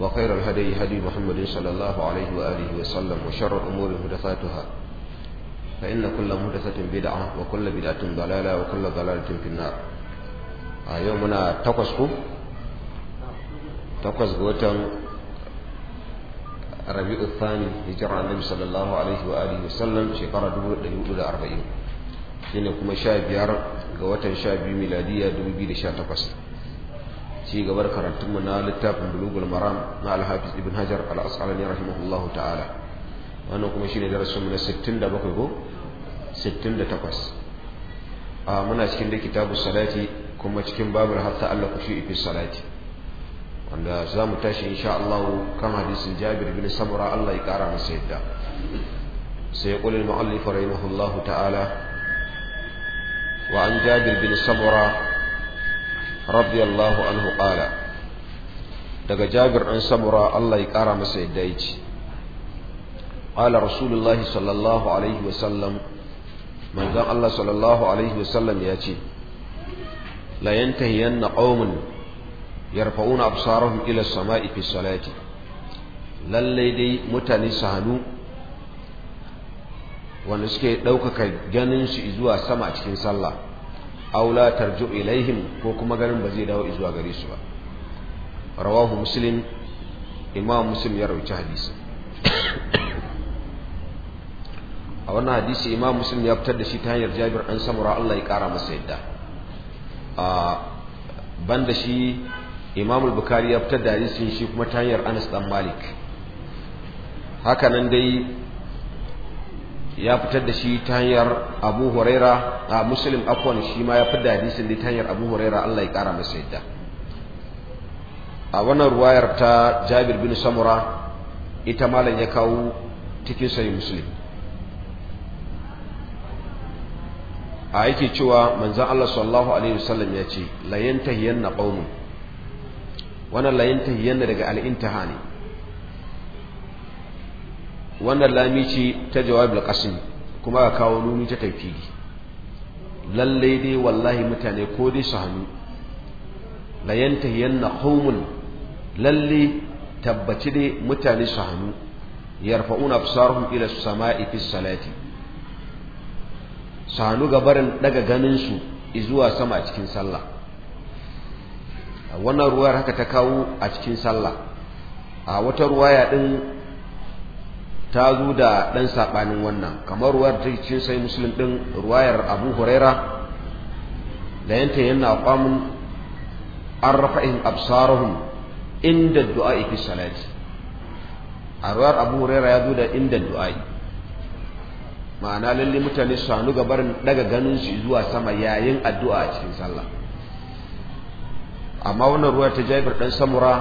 وخير الهدي هدي محمد صلى الله عليه وآله وسلم وشر الأمور محدثاتها فإن كل محدثة بدعة وكل بدعة ضلالة وكل ضلالة في النار يومنا تقص تقص قوتاً ربيع الثاني هجرة النبي صلى الله عليه وآله وسلم شكرا دبو دبو دا أربعين شيني كما شاب يار قوتاً شاب ميلادية دبو بيد شاتقص ci gabar karatunmu na littafin bulugul maram na alhafiz ibn hajar al-asqalani rahimahullahu ta'ala wannan kuma shine darasinmu na 67 ko 68 a muna cikin da kitabu salati kuma cikin babul hatta Allah ku shi fi salati wanda za mu tashi insha Allah kan hadisin Jabir bin Samura Allah ya kara masa yadda sai qul al mu'allif rahimahullahu ta'ala wa an Jabir bin Samura radiyallahu anhu qala daga Jabir an samura Allah ya kara masa yadda yace qala rasulullahi sallallahu alaihi wa wasallam manzon Allah sallallahu alaihi wa sallam ya ce la yantahiyanna qaumun yarfa'una absarahum ila as-sama'i fi salati lalle dai mutane su hannu wanda suke ɗaukaka ganin su zuwa sama a cikin sallah aula tarju ilaihim ko kuma garin ba zai dawo zuwa gare su ba rawahu muslim imam muslim ya rawaita hadisi a wannan hadisi imam muslim ya fitar da shi ta hanyar jabir an samura Allah ya kara masa yadda a ban shi imam al-bukhari ya fitar da hadisin shi kuma ta hanyar anas dan malik haka nan dai ya fitar da shi ta hanyar Abu Huraira a Muslim afwan shi ma ya fitar hadisin ne ta hanyar Abu Huraira Allah ya kara masa yadda a wannan ruwayar ta Jabir bin Samura ita malam ya kawo cikin sahih Muslim a yake cewa manzon Allah sallallahu alaihi wasallam ya ce la yantahiyanna qaumun wannan la yantahiyanna daga al-intihani wannan lami ce ta jawabul qasim kuma ka kawo nuni ta tafidi lalle dai wallahi mutane ko dai su hanu la yantahiyanna qawmun lalle tabbaci dai mutane su hannu yarfa'una absarahum ila samai fi salati su hannu gabarin daga ganin su zuwa sama a cikin sallah wannan ruwayar haka ta kawo a cikin sallah a wata ruwaya din ta zo da ɗan saɓanin wannan kamar da ta ce sai musulun ɗin ruwayar abu huraira da yanta yana kwamun an in absarahun inda du'a fi salati a ruwar abu huraira ya zo da inda du'a ma'ana lalle mutane su hannu gabar daga ganin su zuwa sama yayin addu'a a cikin sallah amma wannan ruwayar ta jabir ɗan samura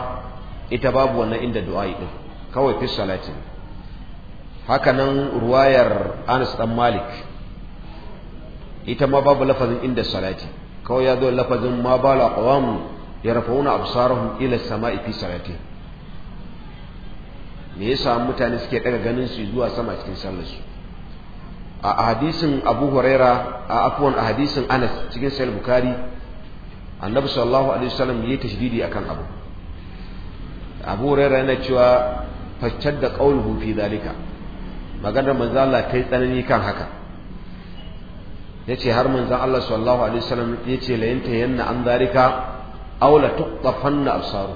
ita babu wannan inda du'a ɗin kawai fi salati. hakanan ruwayar Anas dan Malik ita ma babu lafazin inda salati kawai ya zo lafazin ma bala qawam rafauna absarahum ila samai fi salati me yasa mutane suke daga ganin su zuwa sama cikin sallar su a hadisin Abu Huraira a afwan hadisin Anas cikin Sahih Bukhari Annabi sallallahu alaihi wasallam yayi tashdidi akan abu Abu Huraira yana cewa da qawluhu fi dhalika maganar manzan Allah ta yi tsanani kan haka yace har manzan Allah sallallahu alaihi wasallam yace la yanta yanna an aula aw la na absaru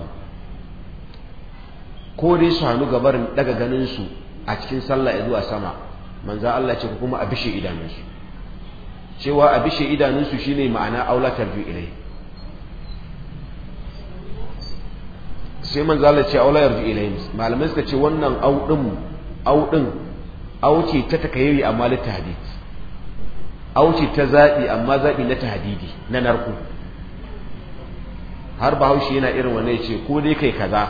ko dai su hannu gabarin daga ganin su a cikin sallah zuwa sama manzan Allah ce kuma a bishe idanunsu cewa a bishe idanunsu shine ma'ana aula tarbi ilai sai manzo Allah ce aula yarji ilai malamai suka ce wannan au auce ta takayyuri amma la tahdid auce ta zabi amma zabi na tahdidi na narko har bahaushe yana irin wannan yace ko dai kai kaza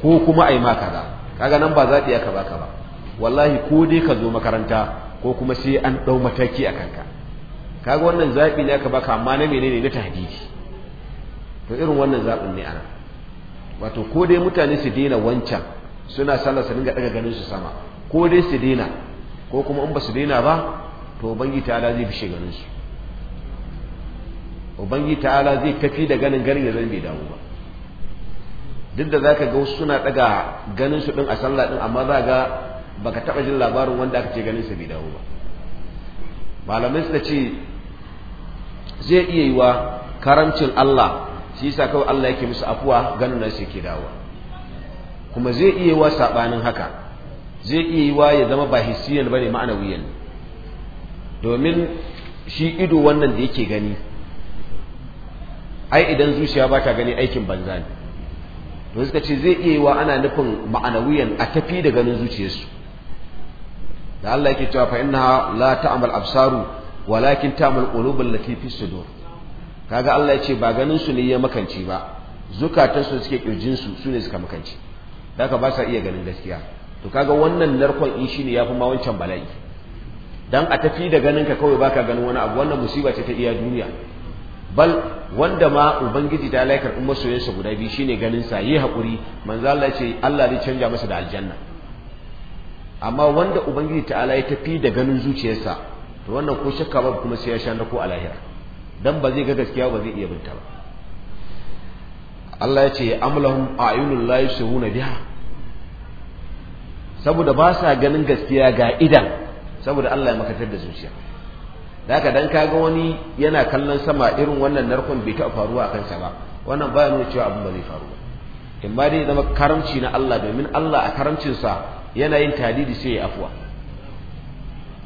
ko kuma ai ma kaza kaga nan ba zabi aka baka ba wallahi ko dai ka zo makaranta ko kuma sai an dau mataki a kanka kaga wannan zabi ne aka baka amma na menene na tahdidi to irin wannan zabin ne ana wato ko dai mutane su daina wancan suna sallah su dinga daga ganin su sama ko dai su daina ko kuma in ba su daina ba to ubangi ta'ala zai bishe ganin su ubangi ta'ala zai tafi da ganin ganin ya zan bai dawo ba duk da zaka ga wasu suna daga ganin su din a sallah din amma za ga baka taba jin labarin wanda aka ce ganin su bai dawo ba malamai su ce zai iya wa karamcin Allah shi yasa kawai Allah yake musu afuwa ganin nan su ke dawo kuma zai iya yiwa sabanin haka zai iya yi wa ya zama ba hissiyan ma'ana ma'anawiyan domin shi ido wannan da yake gani ai idan zuciya ba ta gani aikin banza ne to suka ce zai iya yi wa ana nufin ma'anawiyan a tafi da ganin zuciyarsu da Allah yake cewa fa inna la ta'mal absaru walakin ta'mal qulubu allati fi sudur kaga Allah ya ce ba ganin su ne ya makanci ba zukatansu suke kirjin su sune suka makanci da ba sa iya ganin gaskiya to kaga wannan narkon in shine yafi ma wancan bala'i dan a tafi da ganin ka kawai baka ganin wani abu wannan musiba ce ta iya duniya bal wanda ma ubangiji ta laikar in masoyansa guda biyu shine ganin sa yi hakuri manzo Allah ce Allah zai canja masa da aljanna amma wanda ubangiji ta'ala ya tafi da ganin zuciyarsa to wannan ko shakka ba kuma sai ya sha ko a lahira dan ba zai ga gaskiya ba zai iya binta ba Allah ya ce amlahum a'yunul la biha saboda ba sa ganin gaskiya ga idan saboda Allah ya makatar da zuciya Da haka dan kaga wani yana kallon sama irin wannan narkon bai taɓa faruwa a kansa ba wannan ba nuna cewa abin ba zai faru ba in ma dai zama karamci na Allah domin Allah a karamcinsa yana yin talidi sai ya afuwa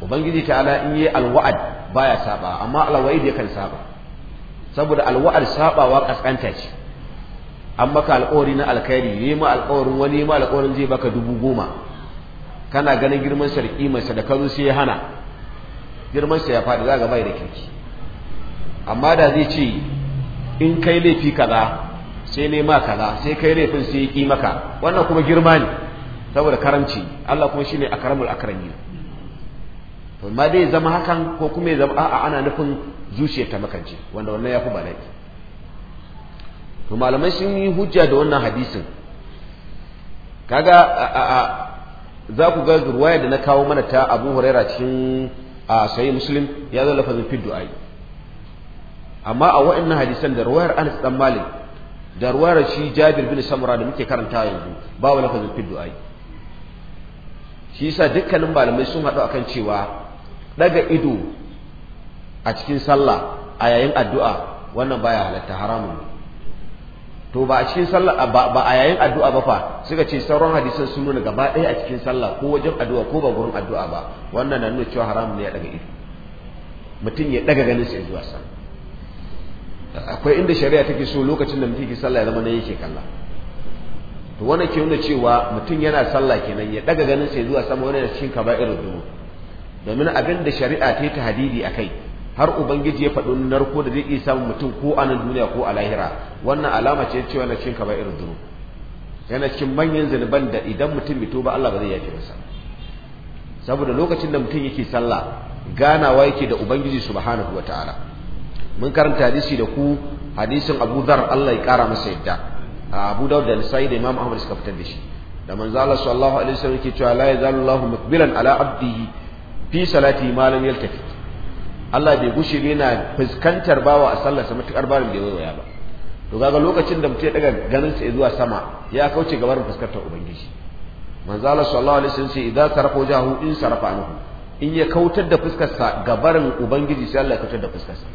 ubangiji ta ala in yi alwa'ad baya saba amma alwa'id yakan saba saboda alwa'ad sabawa kaskanta ce an maka alƙawari na alkhairi yi ma alƙawarin wani ma alƙawarin zai baka dubu goma kana ganin girman sarki da kimarsa da sai ya hana girman sa ya faɗi za bai da kirki amma da zai ce in kai laifi kaza sai ne ma kaza sai kai laifin sai ya ki maka wannan kuma girma ne saboda karamci Allah kuma shine akramul akrami to ma dai zama hakan ko kuma zama a'a ana nufin zuciyar ta makance wanda wannan yafi bala'i to malamai sun yi hujja da wannan hadisin kaga za ku ga ruwaya da na kawo mana ta Abu Huraira cikin a sayi Muslim ya zo lafazin fi amma a wa'annan hadisan da ruwayar Anas dan Malik da ruwayar shi Jabir bin Samura da muke karanta yanzu ba wa lafazin fi shi yasa dukkanin malamai sun haɗu a kan cewa daga ido a cikin sallah a yayin addu'a wannan baya halatta haramun ne to ba a cikin sallah ba a yayin addu'a ba fa suka ce sauran hadisan sun nuna gaba ɗaya a cikin sallah ko wajen addu'a ko ba gurin addu'a ba wannan na nuna cewa haramun ne ya daga ido mutum ya daga ganin sa zuwa sallah akwai inda shari'a take so lokacin da mutum ke sallah ya zama ne yake kalla to wannan ke nuna cewa mutum yana sallah kenan ya daga ganin sa zuwa sama wannan cikin kaba'irul dubu domin abin da shari'a ta yi tahdidi akai har ubangiji ya faɗi narko da zai iya samun mutum ko a nan duniya ko a lahira wannan alama ce cewa na cikin kaba irin zuru yana cikin manyan zunuban da idan mutum bai ba Allah ba zai yafe masa saboda lokacin da mutum yake sallah ganawa yake da ubangiji subhanahu wataala mun karanta hadisi da ku hadisin Abu Dhar Allah ya kara masa yadda Abu Dawud da Nasa'i da Imam Ahmad suka fitar da shi da manzo Allah sallallahu alaihi wasallam yake cewa la yazalu Allahu mukbilan ala abdihi fi salati ma lam yaltafi Allah bai gushe ba yana fuskantar bawa a sallar sa mutukar barin da yayi ba to kaga lokacin da mutum ya daga ganin sa zuwa sama ya kauce gabarin fuskantar ubangiji manzo Allah sallallahu alaihi wasallam sai idza sarafa wajahu in sarafa anhu in ya kautar da fuskar sa gabarin ubangiji sai Allah ya kautar da fuskar sa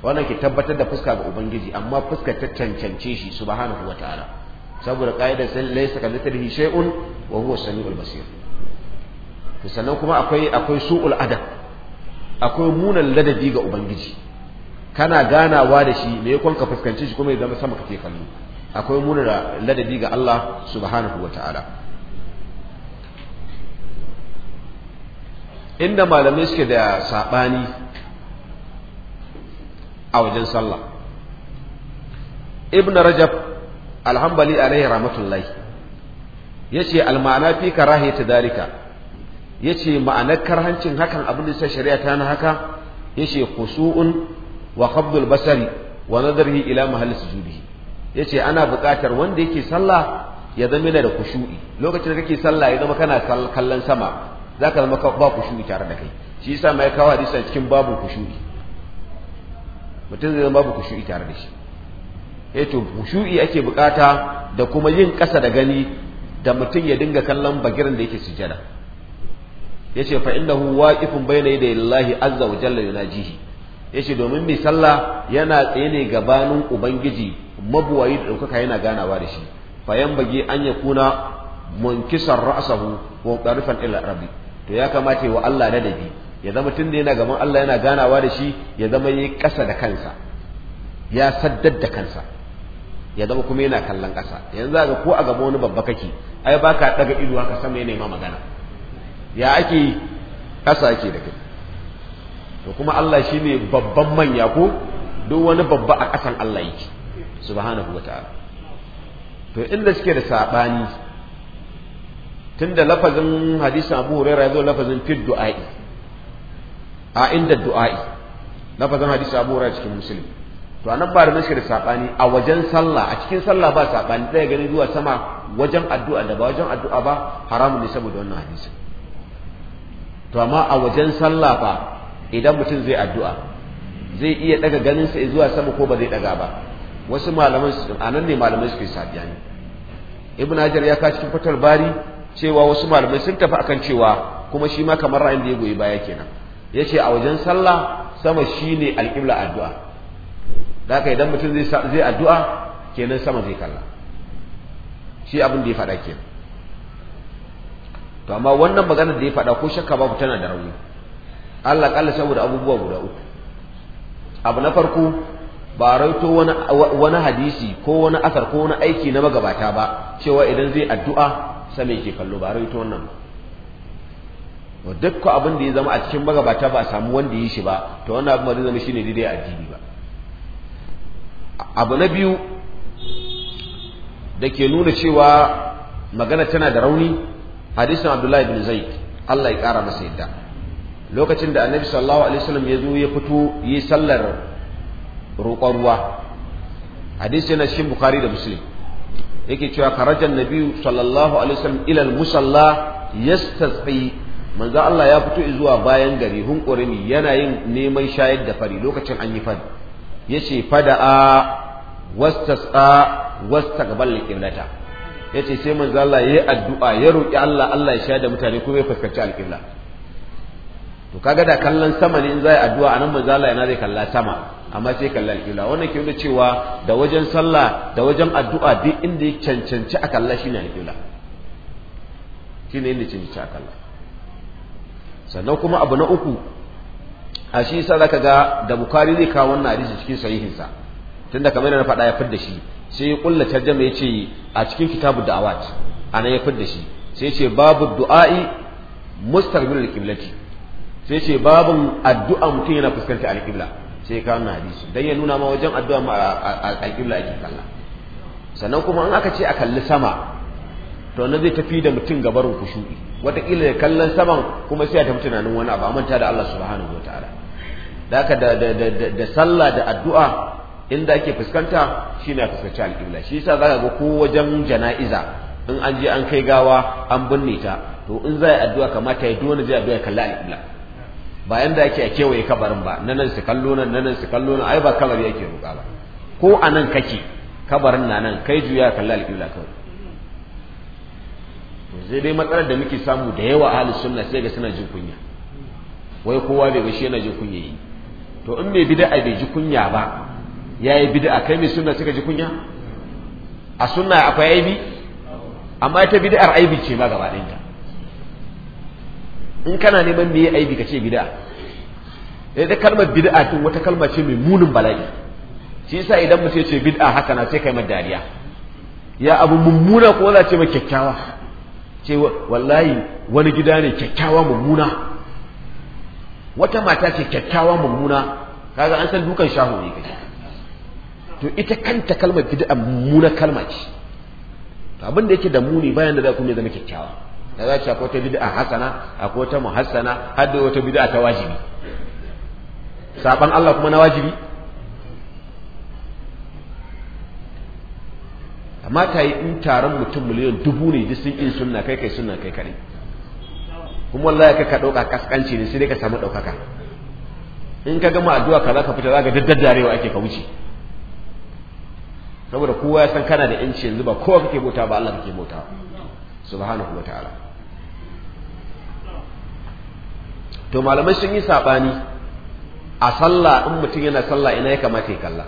wannan ke tabbatar da fuska ga ubangiji amma fuskar ta cancance shi subhanahu wataala saboda kaidar sai laysa kamithlihi shay'un wa huwa samiul basir sannan kuma akwai akwai su'ul adab akwai munan ladabi ga ubangiji kana ganawa da shi me yakon ka fuskanci shi kuma ya zama sama kake kallo akwai munan ladabi ga Allah subhanahu wataala inda malamai suke da sabani a wajen sallah ibn rajab alhambali alaihi rahmatullahi yace al-ma'ana fi ta dalika yace ma'anar karhancin hakan abin da shari'a ta na haka yace kusu'un wa qabdul basari wa nadarihi ila mahalli sujudihi yace ana buƙatar wanda yake sallah ya zama yana da kushu'i lokacin da kake sallah ya zama kana kallon sama zaka zama ba kushu'i tare da kai shi yasa mai kawo hadisi cikin babu kushu'i mutum zai zama babu kushu'i tare da shi ya eh to kushu'i ake buƙata da kuma yin ƙasa da gani da mutum ya dinga kallon bagiran da yake sujada yace fa innahu waqifun bayna yaday lillahi azza wa jalla yunajihi yace domin mai sallah yana tsaye ne gabanin ubangiji mabuwayi da ɗaukaka yana ganawa da shi fa bage an ya kuna munkisar ra'sahu wa qarifan ila rabbi to ya kamata wa Allah ladabi ya zama tunda yana gaban Allah yana ganawa da shi ya zama yayi kasa da kansa ya saddar da kansa ya zama kuma yana kallon kasa yanzu ga ko a gaban wani babba kake ai baka daga ido haka sama yana ma magana ya ake ƙasa ake da kai to kuma Allah shi ne babban manya ko duk wani babba a ƙasan Allah yake subhanahu wa ta'ala to inda suke da saɓani tun da lafazin hadisin abu huraira ya zo lafazin fid du'a'i a inda du'a'i lafazin hadisin abu huraira cikin musulmi to a nan ba da nashi da saɓani a wajen sallah a cikin sallah ba saɓani ɗaya gani zuwa sama wajen addu'a da ba wajen addu'a ba haramun ne saboda wannan hadisin to amma a wajen sallah fa idan mutum zai addu'a zai iya daga sa zuwa sama ko ba zai daga ba wasu malaman su anan ne malamai suke ne ibn hajar ya kawo cikin fatar bari cewa wasu malamai sun tafi akan cewa kuma shi ma kamar ra'ayin da ya goyi baya kenan yace a wajen sallah sama shine alqibla addu'a da haka idan mutum zai zai addu'a kenan sama zai kalla shi abin da ya faɗa kenan to amma wannan maganar da ya faɗa ko shakka babu tana da rauni Allah kalla saboda abubuwa guda uku abu na farko ba raito wani hadisi ko wani asar ko wani aiki na magabata ba cewa idan zai addu'a sai me yake kallo ba raito wannan ba duk abin da ya zama a cikin magabata ba a samu wanda ya yi shi ba to wannan abin ba zai zama shine daidai addini ba abu na biyu da ke nuna cewa magana tana da rauni hadisin abdullahi bin zaid Allah ya kara masa yadda lokacin da annabi sallallahu alaihi wasallam ya zo ya fito yi sallar roƙon ruwa hadisi yana shi bukhari da muslim yake cewa karajan nabiyu sallallahu alaihi wasallam ila musalla yastasqi manzo Allah ya fito zuwa bayan gari hunkurimi yana yin neman shayar da fari lokacin an yi fari yace fada'a wastasqa wastaqbal qiblata yace sai manzo Allah yi addu'a ya roki Allah Allah ya shaida mutane kuma ya fuskanci alƙibla to kaga da kallon sama ne in za a yi addu'a anan manzo Allah yana zai kalla sama amma sai kalla alƙibla wannan ke nuna cewa da wajen sallah da wajen addu'a duk inda ya cancanci a kalla shine alƙibla shine inda cancanci a kalla sannan kuma abu na uku a shi yasa zaka ga da bukari zai kawo wannan hadisi cikin sahihinsa tunda kamar yana faɗa ya fadda shi sai ya kulla tarjama ya ce a cikin kitabu da'awat ana ya fidda shi sai ya ce babu du'a'i mustaqbilul qiblati sai ce babun addu'a mutum yana fuskantar alqibla sai ya kawo hadisi dan ya nuna ma wajen addu'a ma alqibla ake kalla sannan kuma in aka ce a kalli sama to na zai tafi da mutum gabarin kushu'i wataƙila da kallon saman kuma sai ya tafi tunanin wani abu a manta da Allah subhanahu wa ta'ala da da sallah da addu'a inda ake fuskanta shine a fuskanci alƙibla shi yasa zaka ga ko wajen jana'iza in an je an kai gawa an binne ta to in za a addu'a kamata ya dole je addu'a kalla alƙibla ba yanda ake a kewaye kabarin ba na nan su kallo nan na nan su kallo nan ai ba kabari yake ruka ba ko a nan kake kabarin na nan kai juya kalla alƙibla kawai Zai dai matsalar da muke samu da yawa ahlus sunna sai ga suna jin kunya wai kowa bai ga shi yana jin kunya yi to in mai bid'a bai ji kunya ba Ya yi bid'a kai mai suna suka ji kunya a suna akwai aibi amma ita bid'ar aibi ce ma gaba ɗinta in kana neman me aibi ka ce bid'a ita eh, kalmar bid'a tun wata kalma ce mai munin bala'i shi yasa idan mutum ce bid'a haka na sai kai mai dariya ya abu mummuna ko za ce mai kyakkyawa ce wallahi wani gida ne kyakkyawa mummuna wata mata ce kyakkyawa mummuna kaga an san dukan shahu ne kai to ita kanta kalmar bid'a muna kalma ce to abin da yake da muni bayan da za ku ne zama kyakkyawa da za ki akwai wata bid'a hasana akwai wata muhassana har da wata bid'a ta wajibi saban Allah kuma na wajibi amma ta yi in taron mutum miliyan dubu ne duk sun in sunna kai kai sunna kai kare kuma wallahi kai ka dauka kaskanci ne sai dai ka samu daukaka in ka gama addu'a kaza ka fita za daddare daddarewa ake ka wuce saboda kowa ya san kana da yanci yanzu ba kowa kake bauta ba Allah kake bauta subhanahu wataala to malamai sun yi sabani a sallah in mutum yana sallah ina ya kamata ya kalla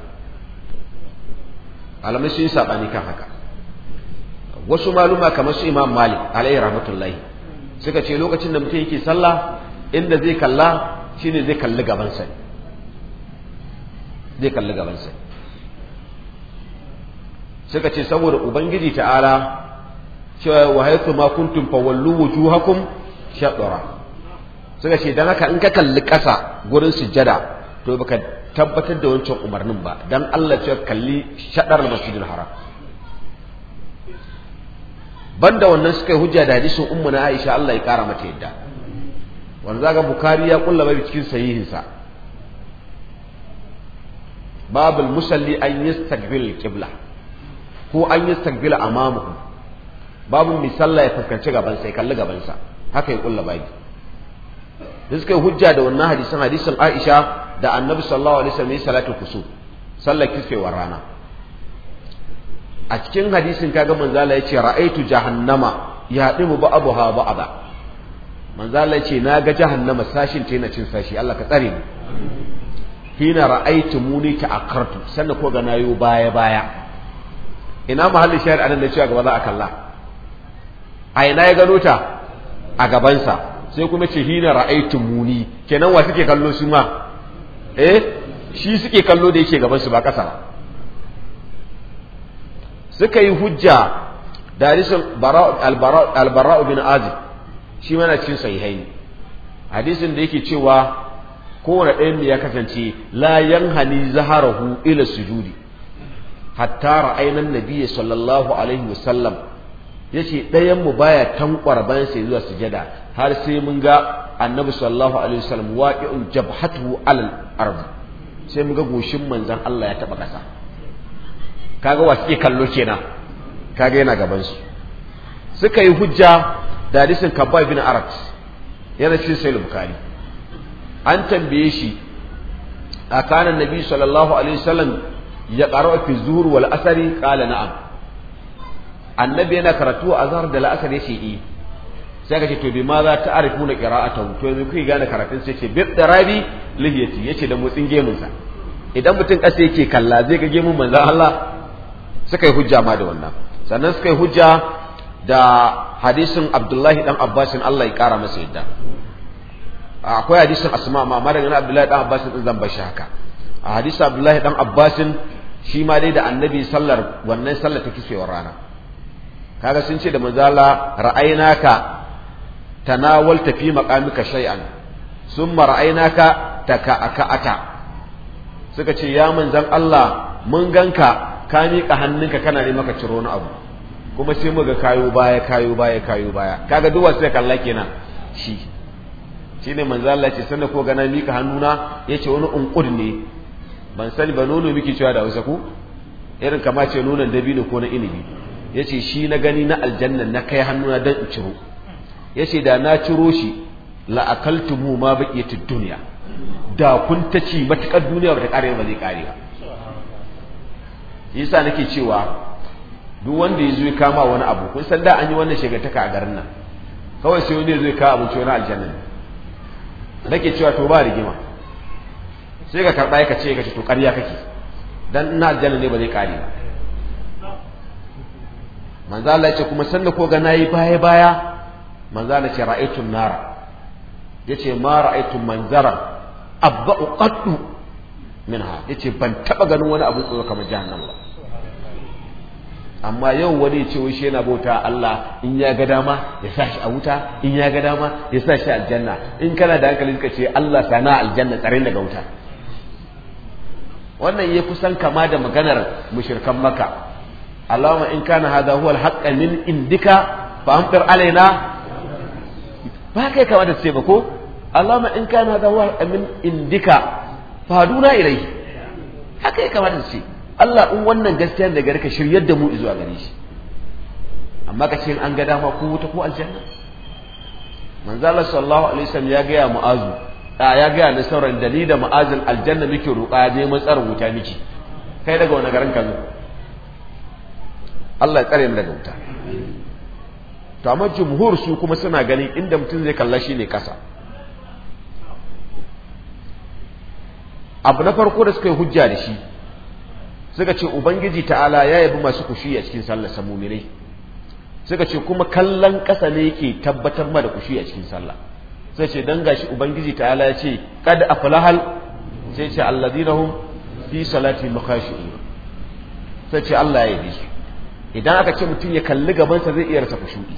malamai sun yi sabani kan haka wasu maluma kamar su Imam Malik alayhi rahmatullahi suka ce lokacin da mutum yake sallah inda zai kalla shine zai kalli gaban sa zai kalli gaban sa suka ce saboda ubangiji ta'ala cewa wa haythu ma kuntum fawallu wujuhakum shadra suka ce dan haka in ka kalli kasa gurin sujjada to baka tabbatar da wancan umarnin ba dan Allah ce kalli shadar masjidil haram banda wannan suka yi hujja da hadisin ummu na Aisha Allah ya kara mata yadda wanda zaga Bukhari ya kulla bai cikin sa babul musalli an yastaqbil qibla ko an yi a amamuhu babu misalla ya fuskanci gabansa ya kalli gabansa haka ya kulla baki da suka yi hujja da wannan hadisan hadisin Aisha da Annabi sallallahu alaihi wasallam salatu kusu sallar kisfewar rana a cikin hadisin kaga manzala yace ra'aitu jahannama ya dimu ba ha ba aba manzala yace na ga jahannama sashin ta yana cin sashi Allah ka tsare mu hina ra'aitu muni ta akartu sannan ko ga nayo baya baya ina mahallin shayar anan da cewa gaba za a kalla a ina ya gano ta a gabansa sai kuma ce hina ra'aitu muni kenan wa suke kallo su ma eh shi suke kallo da yake gaban su ba kasa ba suka yi hujja da hadisin albara'u bin azi shi mana cin sahihaini hadisin da yake cewa kowane ɗayan ya kasance la yanhani zaharahu ila sujudi hatta ra'aynan nabiyyi sallallahu alaihi wasallam yace ɗayan mu baya tankwar bayan sai zuwa sujada har sai mun ga annabi sallallahu alaihi wasallam waqi'un jabhatuhu alal ard sai mun ga goshin manzon Allah ya taba kasa kaga wa suke kallo kenan kaga yana gaban su suka yi hujja da hadisin kabba bin arat yana cikin sahih bukhari an tambaye shi akanan nabi sallallahu alaihi wasallam ya ƙara fi zuhur wal asari ƙala na'am annabi yana karatu a zahar da la'asari ya ce i eh. sai ka ce to bi ma za ta arifu na ƙira'atan to yanzu kai gane karatun sai ce bi Rabi, lihiyati ya ce da motsin gemunsa idan mutum ƙasa yake kalla zai ga gemun manzan Allah suka yi hujja ma da wannan sannan suka yi hujja da hadisin Abdullahi dan Abbasin Allah ya ƙara masa yadda akwai hadisin Asma ma amma daga Abdullahi dan Abbasin din zan bar shi haka a hadis abdullahi dan abbasin shi ma dai da annabi sallar wannan sallar ta kisewar rana kaga sun ce da manzala ra'ainaka tanawalta fi maqamika shay'an summa ra'ainaka taka'ata suka ce ya manzan Allah mun ganka ka miƙa hannunka kana ne maka ciro wani abu kuma sai muga kayo baya kayo baya kayo baya kaga duk wasu kalla kenan shi shine manzo Allah ce sanda ko ga na miƙa hannuna yace wani unqud ne ban sani ba nono miki cewa da Hausa ku irin kama ce nonon dabino ko na inibi yace shi na gani na aljanna na kai hannuna dan in ciro yace da na ciro shi la akaltumu ma baqiyatu dunya da kun ta ci matakar duniya bata kare ba zai kare ba yasa nake cewa duk wanda ya zo ya kama wani abu kun san da an yi wannan shegataka a garin nan kawai sai wani ya zo ya kawo cewa wani aljanna nake cewa to ba rigima sai ka karɓa ka ce ga ce to ƙarya kake dan ina aljanna ne ba zai ƙare ba manzo Allah ya ce kuma sanda ko ga nayi baya baya manzo Allah ya ce ra'aytun nara yace ma ra'aytun manzara abba'u qattu minha yace ban taba ganin wani abu tsoro kamar jahannama ba amma yau wani ya ce wai shi yana bauta Allah in ya ga dama ya sa shi a wuta in ya ga dama ya sa shi aljanna in kana da hankali ka ce Allah sana aljanna tsare daga wuta wannan ya kusan kama da maganar mushirkan maka Allahumma in kana hadha huwa al-haqqa min indika fa amtir alaina ba kai kama da ce ba ko Allahumma in kana hadha huwa min indika fa haduna ilai haka kama da ce Allah in wannan gaskiya da gare ka shiryar da mu zuwa gare shi amma ka ce an ga dama ko wuta ko aljanna manzo Allah sallallahu alaihi wasallam ya ga ya mu'azu a ya gaya na sauran dali da ma'azin aljanna muke ruƙa ya je mun tsara wuta miki kai daga wani garin kazo Allah ya tsare mu daga wuta to amma jumhur su kuma suna ganin inda mutum zai kalla shi ne kasa abu na farko da suka yi hujja da shi suka ce ubangiji ta'ala ya yabi masu kushi a cikin sallar samuminai suka ce kuma kallon ƙasa ne yake tabbatar ma da kushi a cikin sallah sai ce dan gashi ubangiji ta'ala ya ce kad aflahal sai ce alladina hum fi salati makashi'un sai ce Allah ya bi su idan aka ce mutum ya kalli gabansa zai iya rasa kushudi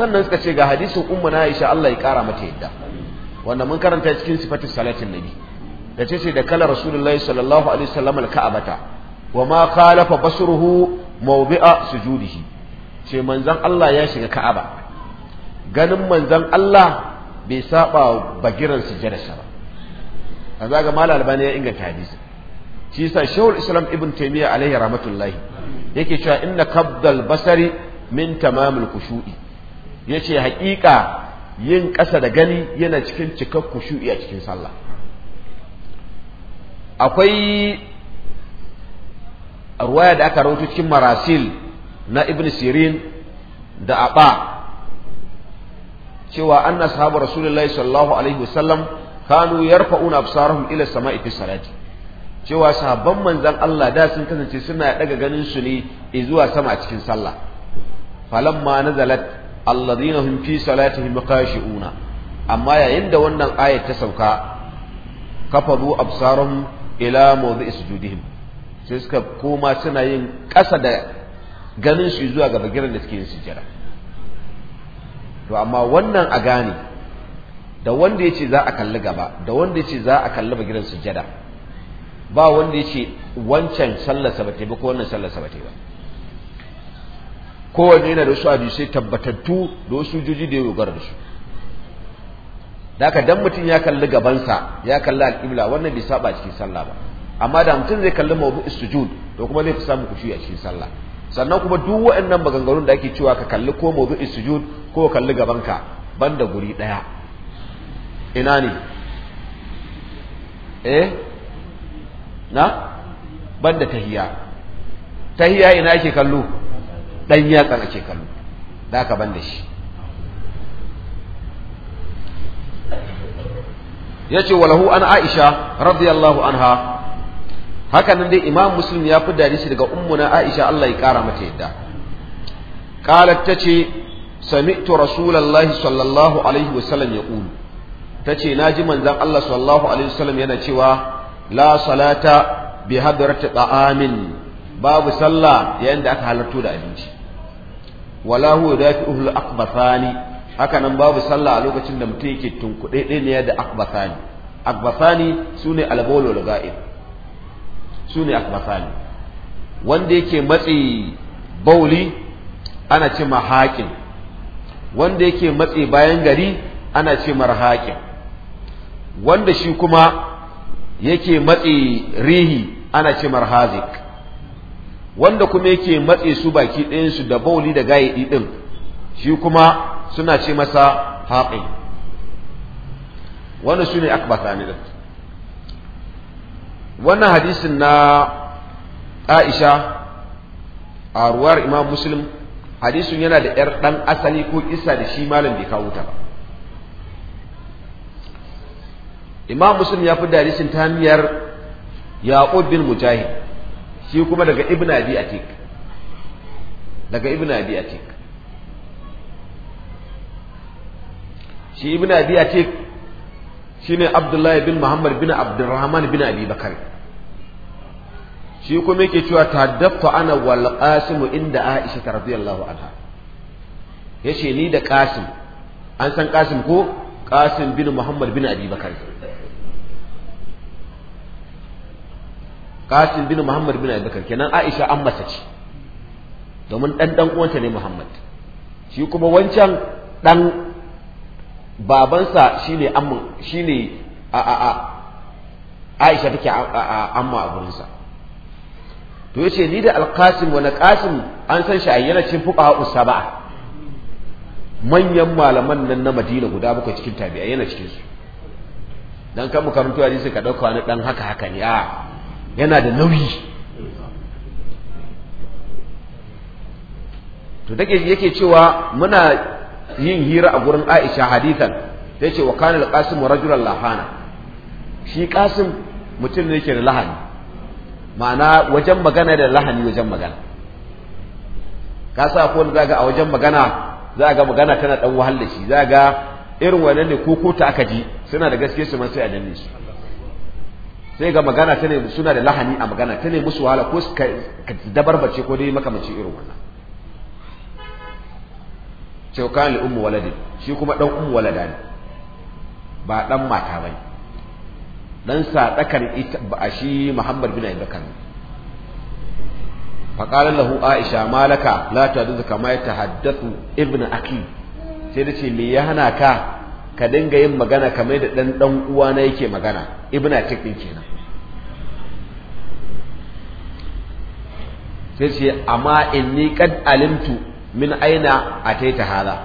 sannan suka ce ga hadisin umma na Aisha Allah ya kara mata yadda wanda mun karanta cikin sifatin salatin nabi da ce ce da kala rasulullahi sallallahu alaihi wasallam alka'abata wa ma khalafa basruhu mawdi'a sujudihi ce manzon Allah ya shiga ka'aba ganin manzon Allah bai saba bagiran sujjadarsa ba an zaga mala albani ya inganta hadisi shi yasa shawul islam ibn taymiya alaihi rahmatullahi yake cewa inna kabdal basari min tamamul khushu'i yace haƙiƙa yin ƙasa da gani yana cikin cikar khushu'i a cikin sallah akwai ruwaya da aka rawaito cikin marasil na ibn sirin da aba cewa anna sahaba rasulullahi sallallahu alaihi wasallam kanu yarfa'una absarahum ila sama'i fi salati cewa sahabban manzon Allah da sun kasance suna daga ganin su ne zuwa sama a cikin sallah falamma nazalat alladhina hum fi salatihim khashi'una amma yayin da wannan ayat ta sauka kafaru absarahum ila mawdi'i sujudihim sai suka koma suna yin ƙasa da ganin su zuwa ga bagiran da suke yin sujjada to amma wannan a gane da wanda ya ce za a kalli gaba da wanda ya ce za a kalli bagiran sujjada ba wanda ya ce wancan sallar ba ba ko wannan sallar ba ba kowanne yana da wasu sai tabbatattu da wasu juji da ya dogara da su da aka dan mutum ya kalli gabansa ya kalli alƙibla wannan bai saba cikin sallah ba amma da mutum zai kalli mawdu'is sujud to kuma zai fi samu kushi a cikin sallah sannan kuma duk waɗannan maganganun da ake cewa ka kalli ko mawdu'in sujud ko kalli gabanka banda guri ɗaya ina ne eh na banda tahiya tahiya ina ake kallo dan yatsan ake kallo da ka banda shi yace walahu an aisha radiyallahu anha hakanan dai imam muslim ya fi dare shi daga ummuna aisha Allah ya kara mata yadda qalat tace sami'tu rasulullahi sallallahu alaihi wasallam yaqulu tace naji manzon Allah sallallahu alaihi wasallam yana cewa la salata bi hadrati ta'amin babu sallah yayin da aka halarto da abinci wala huwa al aqbathani haka nan babu sallah a lokacin da mutum yake tunkuɗe ɗaya ne da aqbathani aqbathani sune albawlul ga'ib su ne akbasani wanda yake matsi bauli ana ce ma wanda yake matsi bayan gari ana ce mar haƙin wanda shi kuma yake matsi rihi ana ce mar wanda kuma yake matsi su baki ɗayansu da bauli da gayi ɗin shi kuma suna ce masa haƙin wanda su ne akbasani ɗin wannan hadisin na aisha a ruwar imam muslim hadisin yana da yar dan asali ko isa da shi malam bai kawo ta ba imam muslim ya fi da hadisin ta hanyar yaqub bin mujahid shi kuma daga ibn abi atik daga ibn abi atik shi ibn abi atik shine abdullahi bin muhammad bin abdurrahman bin abi bakar shi kuma yake cewa tadaffa'u ana wal qasim inda aisha radiyallahu anha yace ni da qasim an san qasim ko qasim bin muhammad bin abi bakar qasim bin muhammad bin abi bakar kenan aisha an mata ce domin dan dan uwanta ne muhammad shi kuma wancan dan babansa shine amma shine a a a Aisha take amma a gurinsa to yace ni da alqasim wa naqasim an san shi ayyana cin fuqaha usaba manyan malaman nan na Madina guda bakwai cikin tabi'a yana cikin su dan kan makarantu hadisi ka dauka wani dan haka haka ne a yana da nauyi to take yake cewa muna yin hira a gurin Aisha hadithan ta ce wa kana al-qasim rajulan lahana shi qasim mutum ne yake da lahani ma'ana wajen magana da lahani wajen magana ka sa ko da ga a wajen magana za ga magana tana dan wahal da shi za ga irin wannan ne ko ta aka ji suna da gaske su man sai a danne su sai ga magana tana suna da lahani a magana tana musu wahala ko ka dabarbace ko dai mace irin wannan cewa li ummu waladin shi kuma ɗan ummu walada ne ba ɗan mata Ɗan dan sadakan ita ba a shi Muhammad bin Abubakar faqala lahu Aisha malaka la tadzu kama yatahaddathu ibn aki sai da ce mai ya hana ka ka dinga yin magana kamar da ɗan ɗan uwa na yake magana ibn ɗin cikin kenan sai ce amma inni kad alimtu min aina a ataita hadha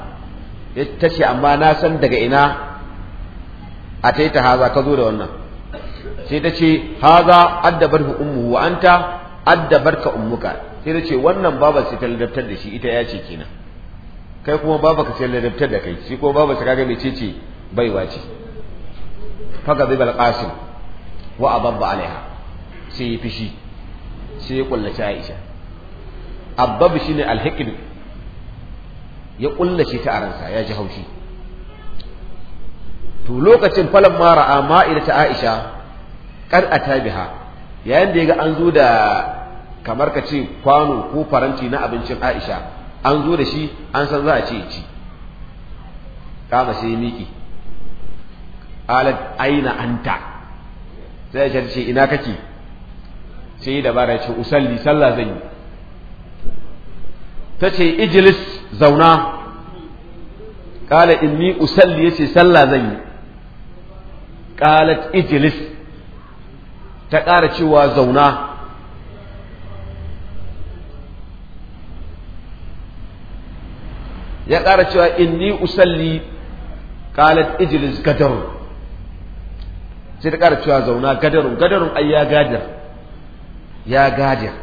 ta ce amma na san daga ina a ataita hadha ka zo da wannan sai ta ce hadha addabar ummuhu wa anta addabarka ummuka sai ta ce wannan baban sai ta ladabtar da shi ita ya ce kenan kai kuma baba ka sai ladabtar da kai shi kuma baba ta kaga mai ce baiwa ce faga bibal qasim wa babba alaiha sai yi fishi sai ya kullace Aisha abbab ne alhikmi ya kullace ta aransa ya ji haushi to lokacin falan ma ra'a ma'ida ta Aisha ta biha yayin da yaga an zo da kamar ka ce kwano ko faranti na abincin Aisha an zo da shi an san za a ce ci kama sai miki alat aina anta sai ya ce ina kake sai da bara ce usalli sallah zan yi Ta ce ijlis zauna qala inni usalli yace sallah zan yi qalat ijlis ta ƙara cewa zauna ya ƙara cewa inni usalli qalat ijlis gadarun sai ta ƙara cewa zauna gadarun gadarun ai ya gadar ya gadar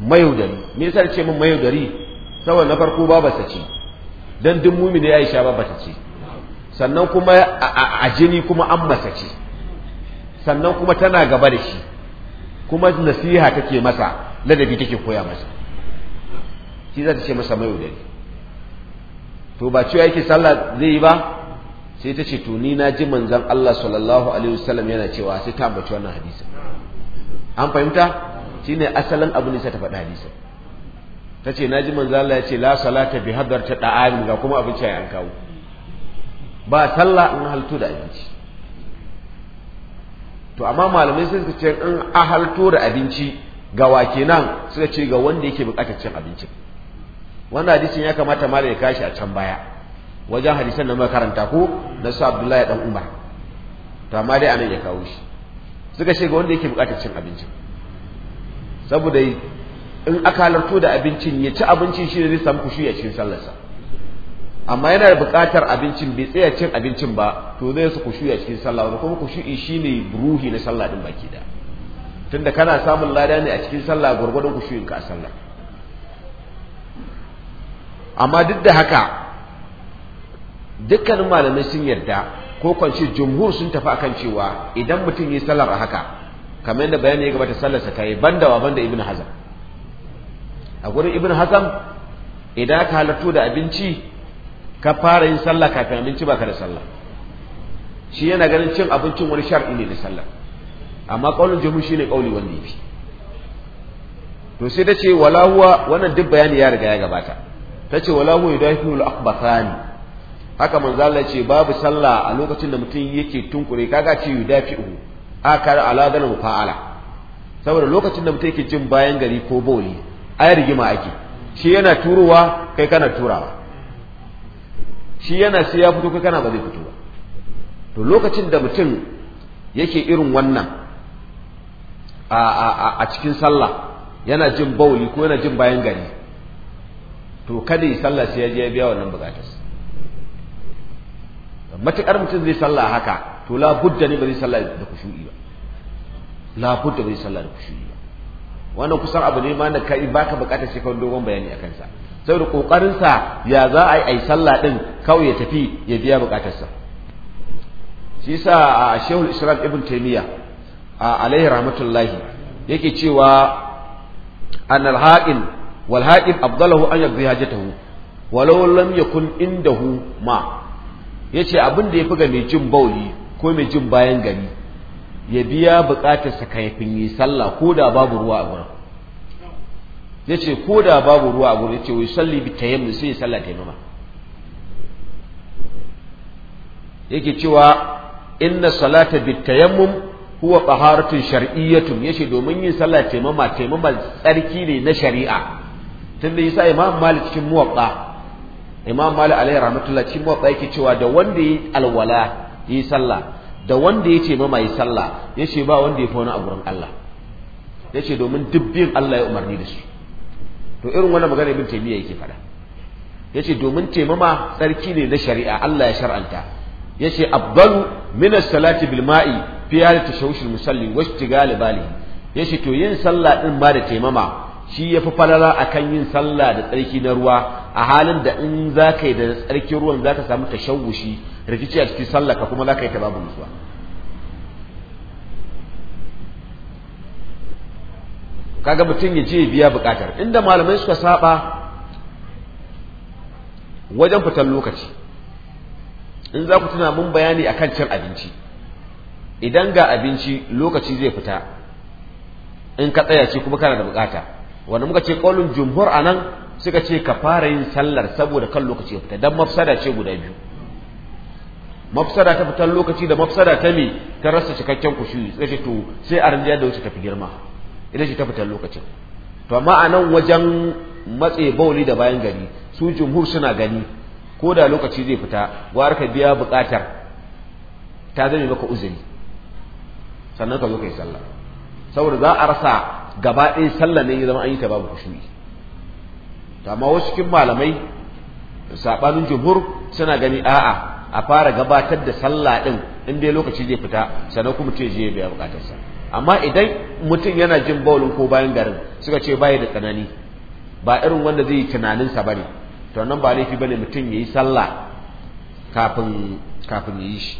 mayaudari me yasa ce min mayaudari saboda na farko ba ta ci don duk mumini ya sha ba ta ci sannan kuma a jini kuma an masa ce, sannan kuma tana gaba da shi kuma nasiha take masa ladabi take koya masa shi za ta ce masa mai udari to ba cewa yake sallah zai yi ba sai ta ce to ni na ji manzan Allah sallallahu alaihi wasallam yana cewa sai ta ambaci wannan hadisin an fahimta shine asalin ne da ta faɗa hadisin ta ce na ji manzala ya ce la salata bi hadar ta da'ami ga kuma abinci an kawo ba sallah in halto da abinci to amma malamai sun ce in halto da abinci ga wake nan suka ce ga wanda yake bukatar cin abincin wanda hadisin ya kamata malam ya kashi a can baya wajen hadisan da makaranta ko na su Abdullahi dan Umar to amma dai anan ya kawo shi suka ce ga wanda yake bukatar cin abincin saboda in aka halarto da abincin ya ci abincin shi da zai samu kushi a cikin sallarsa amma yana da buƙatar abincin bai tsaya cin abincin ba to zai su kushi a cikin sallah wanda kuma shi shine ruhi na sallah din baki da tunda kana samun lada ne a cikin sallah gurgurdan kushu'in ka a sallah amma duk da haka dukkanin malamai sun yarda ko kwanci jumhur sun tafi akan cewa idan mutum yi sallar a haka kamar yadda bayani ya gabata sallarsa ta yi wa banda ibn hazar a gurin ibn Hakan, idan ka halattu da abinci ka fara yin sallah kafin abinci baka da sallah shi yana ganin cin abincin wani shar'i ne na sallah amma kaulin shi shine kauli wanda yafi to sai ta ce wala wannan duk bayani ya riga ya gabata ta ce wala huwa yudahilul ne. haka manzala ce babu sallah a lokacin da mutum yake tunkure kaga ce yudafi'u akara ala dalil fa'ala saboda lokacin da mutum yake jin bayan gari ko boli ai rigima ake shi yana turowa kai kana turawa shi yana sai ya fito kai kana ba zai fito ba to lokacin da mutum yake irin wannan a cikin sallah yana jin bauli ko yana jin bayan gari to kada yi sallah sai ya je ya biya wannan bukatarsa Matuƙar mutum zai sallah haka to la budda ne ba zai sallah da kushu'i ba la budda ba zai sallah da kushu'i ba wannan kusan abu ne ma na kai baka bukatar shi kawai dogon bayani akan sa saboda kokarin ya za a yi ai sallah din kawai ya tafi ya biya bukatar sa shi sa a shehul Islam Ibn a alaihi rahmatullahi yake cewa an al-haqil wal haqil afdalahu an yaqdi hajatahu walau lam yakun indahu ma yace abin da yafi ga mai jin bauli ko mai jin bayan gari ya biya bukatarsa kafin yi sallah ko da babu ruwa a gurin ya ce ko da babu ruwa a gurin ya ce wai salli bi tayammu sai ya sallah taimama yake cewa inna salata bi tayammum huwa taharatun shar'iyyatun yace domin yin sallah taimama taimama tsarki ne na shari'a tunda yasa imam malik cikin muwaqqa imam malik alaihi rahmatullah cikin muwatta yake cewa da wanda yi alwala yi sallah da wanda ya ce mamaye sallah ya ce ba wanda ya fi wani a gurin Allah ya ce domin dubbin Allah ya umarni da su to irin wannan magana ibn taymiya yake faɗa ya ce domin taimama tsarki ne na shari'a Allah ya shar'anta ya ce abdalu min salati bil ma'i fi tashawushil musalli wa Galibali, balihi ya ce to yin sallah din ma da taimama shi ya fi falala akan yin sallah da tsarki na ruwa a halin da in za ka yi da tsarkin ruwan za ka samu tashawushi rikici a cikin sallaka ka kuma za ka yi ta babu nutsuwa kaga mutum ya je biya bukatar inda malamai suka saba wajen fitar lokaci in za ku tuna mun bayani a kan cin abinci idan ga abinci lokaci zai fita in ka tsaya ce kuma kana da bukata wanda muka ce kaulin jumhur nan suka ce ka fara yin sallar saboda kan lokaci ya fita don mafsada ce guda biyu mafsada ta fitar lokaci da mafsada ta me ta rasa cikakken kushi sai ce to sai a rinjiyar da wuce ta fi girma ita ce ta fitar lokacin to amma a nan wajen matse bauli da bayan gari su jumhur suna gani ko da lokaci zai fita gwar ka biya buƙatar ta zame maka uzuri sannan ka zo ka yi sallah saboda za a rasa gaba ɗaya sallah ne ya zama an yi ta babu kushuyi to amma wasu cikin malamai sabanin jumhur suna gani a'a a fara gabatar da sallah ɗin in dai lokaci zai fita sannan kuma ce je biya bukatarsa amma idan mutum yana jin baulin ko bayan garin suka ce bai da tsanani ba irin wanda zai yi tunanin sa bane to nan ba laifi bane mutum yayi sallah kafin kafin yi shi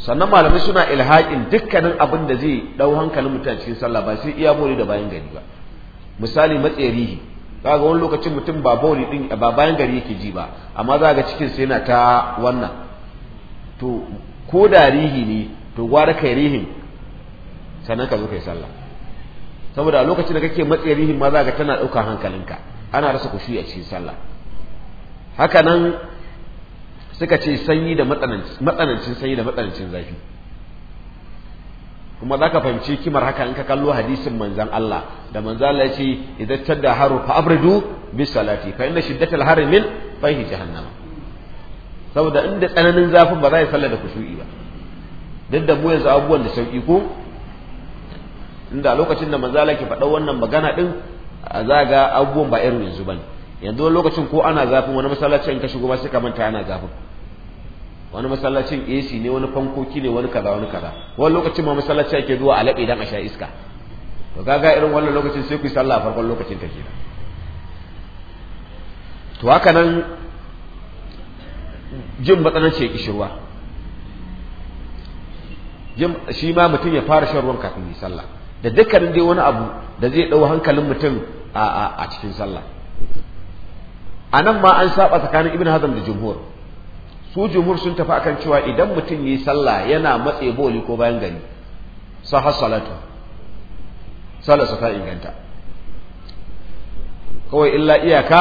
sannan malamai suna ilhaƙin dukkanin abin da zai ɗau hankalin mutum a cikin sallah ba sai iya bori da bayan gari ba misali matserihi ga wani lokacin mutum ba bori din ba bayan gari yake ji ba amma za ga cikin sai yana ta wannan to ko da rihi ne to gwara kai rihin sannan ka zo kai sallah saboda lokacin da kake matse rihin ma za ga tana ɗaukar hankalinka ana rasa kushi a cikin sallah haka nan suka ce sanyi da matsanancin sanyi da matsanancin zafi kuma za ka fahimci kimar haka in ka kallo hadisin manzan Allah da manzan Allah ya ce idan da haru fa abridu bis salati fa inna shiddatal harri min fahi jahannama saboda inda tsananin zafin ba za ya sallar da kushu'i ba duk da mu yanzu abubuwan da sauki ko inda lokacin da manzan Allah ke faɗa wannan magana din za ga abubuwan ba irin yanzu bane yanzu wani lokacin ko ana zafin wani masallacin in ka shigo ba sai ka manta ana zafin wani masallacin AC ne wani fankoki ne wani kaza wani kaza wani lokacin ma masallaci ake zuwa a laɓe dan a sha iska to kaga irin wannan lokacin sai ku yi sallah a farkon lokacin ta kenan to haka nan jin matsananci ya kishirwa shi ma mutum ya fara shan ruwan kafin yi sallah da dukkanin dai wani abu da zai ɗau hankalin mutum a cikin sallah a nan ma an saba tsakanin ibn hazm da jumhur su jumhur sun tafi akan cewa idan mutum yi sallah yana matse boli ko bayan gani sahha salatu salatu ta inganta kawai illa iyaka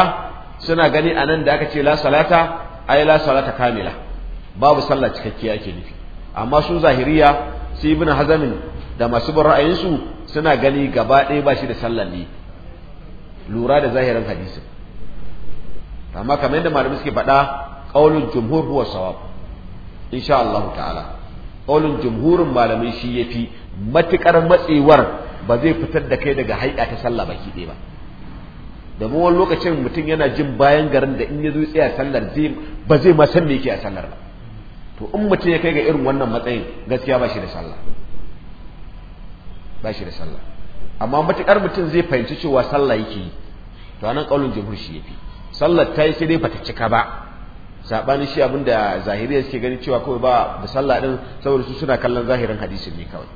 suna gani a nan da aka ce la salata ai la salata kamila babu sallah cikakkiya ake nufi amma su zahiriya su ibn hazamin da masu bin ra'ayinsu suna gani gaba ɗaya ba shi da sallah ne lura da zahirin hadisin amma kamar yadda malamai suke faɗa ƙaunin jumhur huwa sawab insha Allah ta'ala ƙaunin jumhurin malamai shi yafi matukar matsewar ba zai fitar da kai daga haida ta sallah baki ɗaya ba mu wani lokacin mutum yana jin bayan garin da in ya zo tsaya sallar zai ba zai ma san me yake a sallar ba to in mutum ya kai ga irin wannan matsayin gaskiya ba shi da sallah ba shi da sallah amma matukar mutum zai fahimci cewa sallah yake yi to anan ƙaunin jumhur shi yafi sallar ta yi sai dai bata cika ba sabanin shi abinda zahiriya suke gani cewa kawai ba da sallah din saboda su suna kallon zahirin hadisi ne kawai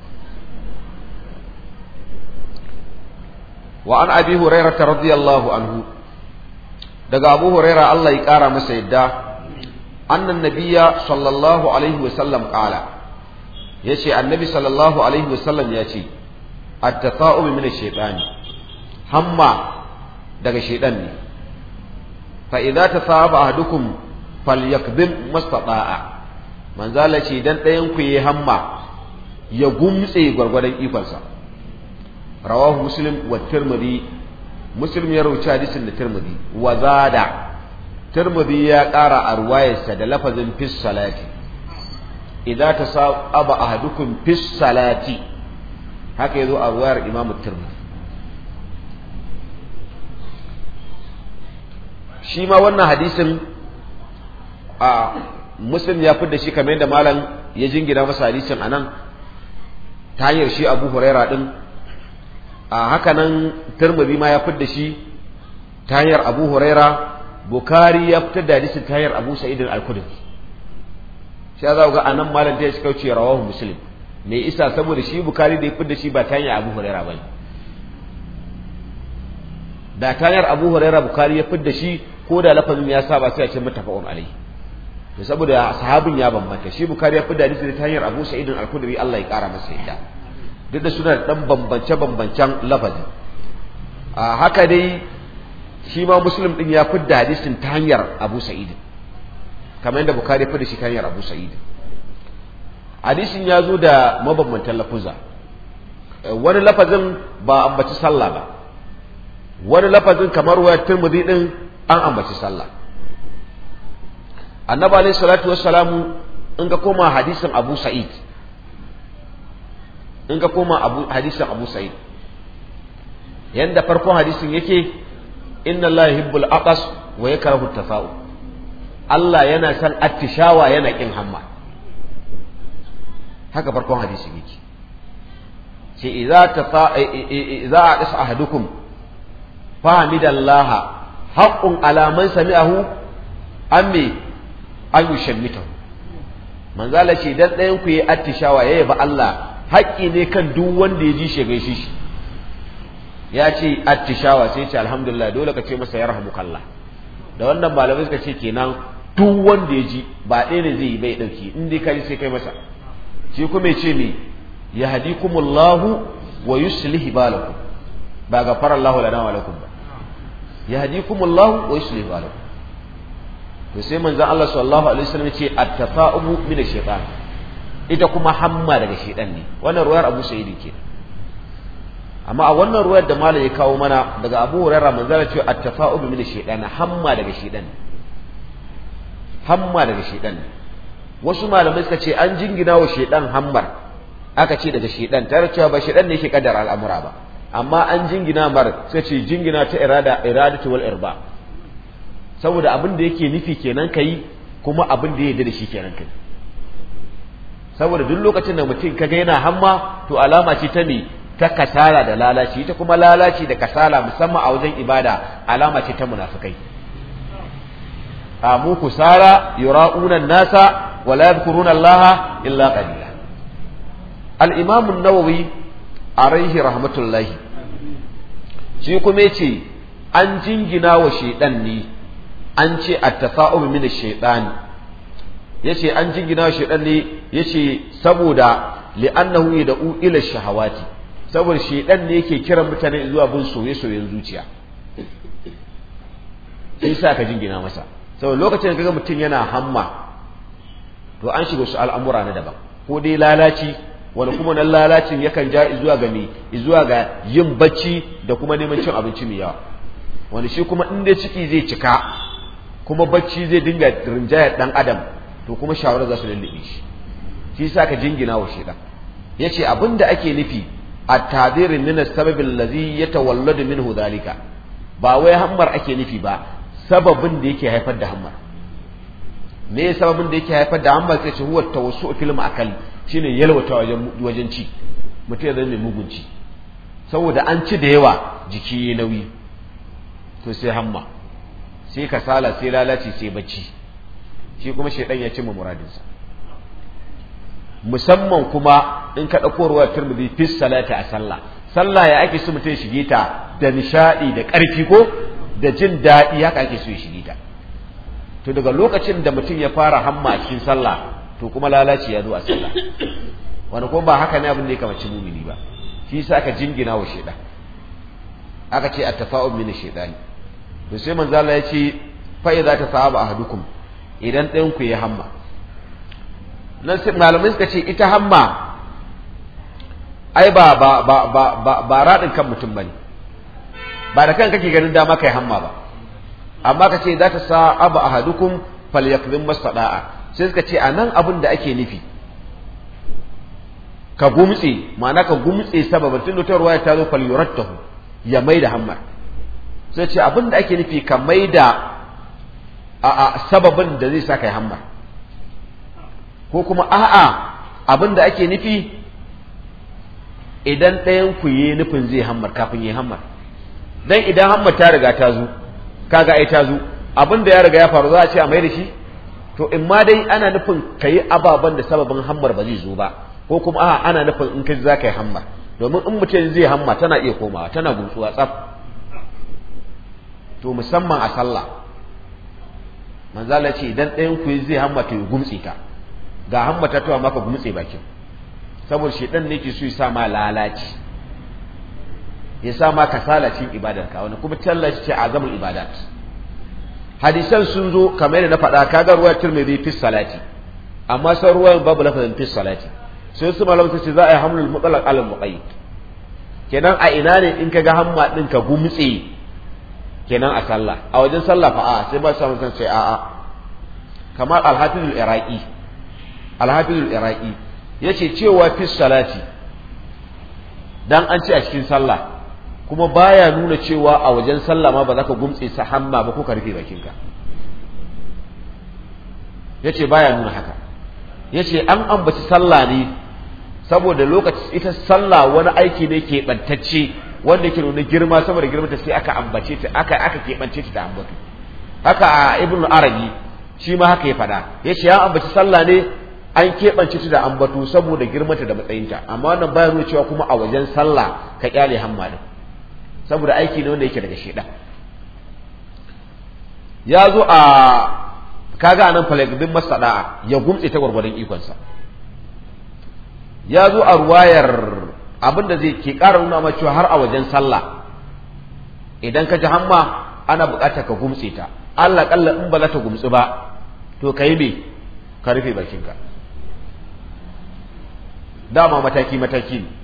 wa an abi hurairah radiyallahu anhu daga abu huraira Allah ya kara masa yadda annan nabiyya sallallahu alaihi wa sallam qala yace annabi sallallahu alaihi wa sallam yace at-tata'u min ash-shaytani hamma daga shaiɗan ne fa idza tasaba ahadukum falyakdhim mastata'a manzala ce dan ɗayan ku yi hamma ya gumtse gwargwadon ikonsa rawahu muslim wa tirmidhi muslim ya rawaci hadisin da tirmidhi wa zada tirmidhi ya ƙara a ruwayarsa da lafazin fis salati idza tasaba ahadukum fis salati haka yazo a ruwayar imamu tirmidhi shi ma wannan hadisin a muslim ya fidda shi kamar yadda malam ya jingina masa hadisin nan ta hanyar shi abu huraira din a haka nan turmuzi ma ya fidda shi ta hanyar abu huraira bukari ya fitar da hadisin ta hanyar abu sa'idin al-kudus shi ya ga nan malam ta shi kauce rawahu muslim me isa saboda shi bukari da ya fi da shi ba ta hanyar abu huraira ba. da ta hanyar abu huraira bukari ya fi da shi ko da lafazin ya saba sai a ce muttafaqun alai to saboda sahabin ya bambanta shi bukari ya fi da hadisi ta hanyar Abu sa'idun al-Khudri Allah ya kara masa yadda duk da suna dan bambance bambancen lafazin a haka dai shi ma Muslim din ya fi da hadisin ta hanyar Abu Sa'id kamar yadda bukari ya fi da shi ta hanyar Abu Sa'id hadisin ya zo da mabambantan lafuza wani lafazin ba ambaci sallah ba wani lafazin kamar wayar turmudi din an ambaci sallah annabi alaihi salatu wassalamu in ka koma hadisin abu sa'id in ka koma abu hadisin abu sa'id yanda farkon hadisin yake inna allaha yuhibbul aqas wa yakrahu tafa'u Allah yana san attishawa yana kin hamma haka farkon hadisin yake sai idza tafa idza aqas ahadukum fahamidallaha haqqun alaman sami'ahu an me an yushammitahu manzala ce dan ɗayan ku yi attishawa ya yaba Allah haƙƙi ne kan duk wanda ya ji shi shi ya ce attishawa sai ce alhamdulillah dole ka ce masa ya kalla da wannan malamai suka ce kenan duk wanda ya ji ba ɗaya ne zai yi bai ɗauki in dai kaji sai kai masa shi kuma ya ce me ya hadikumullahu wa yuslihi balakum ba ga farar lahu lana wa lakum ba yahdikumullahu wa yuslih balakum to sai manzon Allah sallallahu alaihi wasallam ya ce at-tafa'umu min ash-shaytan ita kuma hamma daga shaytan ne wannan ruwayar Abu Sa'id ke amma a wannan ruwayar da malam ya kawo mana daga Abu Hurairah manzon Allah ya ce at-tafa'umu min ash-shaytan hamma daga shaytan hamma daga shaytan wasu malamai suka ce an jingina wa shaytan hammar aka ce daga shaytan tare cewa ba shaytan ne yake kaddara al'amura ba amma an jingina mar sai ce jingina ta irada iradatu wal irba saboda abin da yake nufi kenan kai kuma abin da ya da shi kenan kai saboda duk lokacin da mutum kaga yana hamma to alama ce ta me ta kasala da lalaci ita kuma lalaci da kasala musamman a wajen ibada alama ce ta munafikai amu kusara yura'una nasa wala yadhkuruna allaha illa qalila al-imam an-nawawi alaihi rahmatullahi shi kuma yace an jingina wa shaidan ne an ce a tasaum min ash yace an jingina wa shaidan ne yace saboda li'annahu yad'u ila shahawati saboda shaidan ne yake kiran mutane zuwa bin soye-soyen zuciya sai sa ka jingina masa saboda lokacin da ga mutum yana hamma to an shiga su al'amura na daban ko dai lalaci wani kuma nan lalacin yakan ja zuwa ga me zuwa ga yin bacci da kuma neman cin abinci mai yawa wani shi kuma in dai ciki zai cika kuma bacci zai dinga rinjayar dan adam to kuma shawarar za su lullube shi shi sa ka jingina wa ce abin abinda ake nufi a tadirin nuna sababin lazi ya yatawalladu min hudalika ba wai hammar ake nufi ba sababin da yake haifar da hammar me sababin da yake haifar da hammar sai ce huwa tawassu fil ma'akali shine yalwata wajen ci mutum ya zama mugunci saboda an ci da yawa jiki ya nauyi to sai hamma sai kasala sai lalace sai bacci shi kuma shaidan ya cimma muradinsa musamman kuma in ka ɗauko ruwa turmudi fi a sallah sallah ya ake so mutum shige ta da nishaɗi da ƙarfi ko da jin daɗi haka ake so ya shige ta to daga lokacin da mutum ya fara hamma a cikin sallah to kuma lalaci ya zo a sallah wani kuma ba haka ne abin da ya kamaci mumini ba shi sa aka jingina wa shaidan aka ce attafa'u min shaidani to sai manzo Allah ya ce fa idza tasaba ahadukum idan ɗayan ku ya hamma nan sai malamai suka ce ita hamma ai ba ba ba ba ba radin kan mutum bane ba da kan kake ganin dama kai hamma ba amma kace za ta sa aba ahadukum falyakzim masada'a sai suka ce a nan abin da ake nufi ka gumtse ma'ana ka gumtse sababa tun da ta ruwaya ta zo falyurattahu ya mai da hammar sai ce abin da ake nufi ka mai da a sababin da zai sa ka yi hammar ko kuma a'a abin da ake nufi idan ɗayan ku yi nufin zai hammar kafin yi hammar dan idan hammar ta riga ta zo kaga ai ta zo abin da ya riga ya faru za a ce a mai da shi to in ma dai ana nufin ka yi ababen da sababin hammar ba zai zo ba ko kuma a ana nufin in ka za ka yi hammar domin in mutum zai hamma tana iya komawa tana gutsuwa tsaf to musamman a sallah Allah ce idan ɗayan ku zai hamma to ya gumtse ta ga hamma ta tawa maka gumtse bakin saboda shedan ne yake so ya sa ma lalaci ya sa ma kasala cikin ibadarka wani kuma tallace ce azamul ibadat hadisan sun zo kamar yadda na faɗa kaga ruwayar tirmidhi fi salati amma san ruwayan babu lafazin fi salati sai su malamta ce za a yi hamlul mutlaq al muqayyid kenan a ina ne in kaga hamma din ka gumtse kenan a sallah a wajen sallah fa a sai ba su mutan sai a a kamar al-hafiz iraqi al-hafiz iraqi yace cewa fi salati dan an ce a cikin sallah kuma baya nuna cewa a wajen sallah ma ba za ka gumtse hamma ba ko ka rufe bakinka yace baya nuna haka yace an ambaci sallah ne saboda lokaci ita sallah wani aiki ne ke bantacce wanda ke nuna girma saboda girmanta sai aka ambace ta aka aka keɓance ta da ambatu haka a ibnu arabi shi ma haka ya faɗa yace an ambaci sallah ne an keɓance ta da ambatu saboda girmanta da matsayinta amma wannan baya nuna cewa kuma a wajen sallah ka kyale hamma din saboda aiki ne wanda yake daga shaidan ya zo a kaga anan falagdin masada'a ya gumtse ta gwargwadon ikonsa ya zo a ruwayar abinda zai ke ƙara nuna ma cewa har a wajen sallah idan ka ji hamma ana buƙatar ka gumtse ta Allah kalla in ba za ta gumtsu ba to kai me ka rufe bakinka dama mataki mataki ne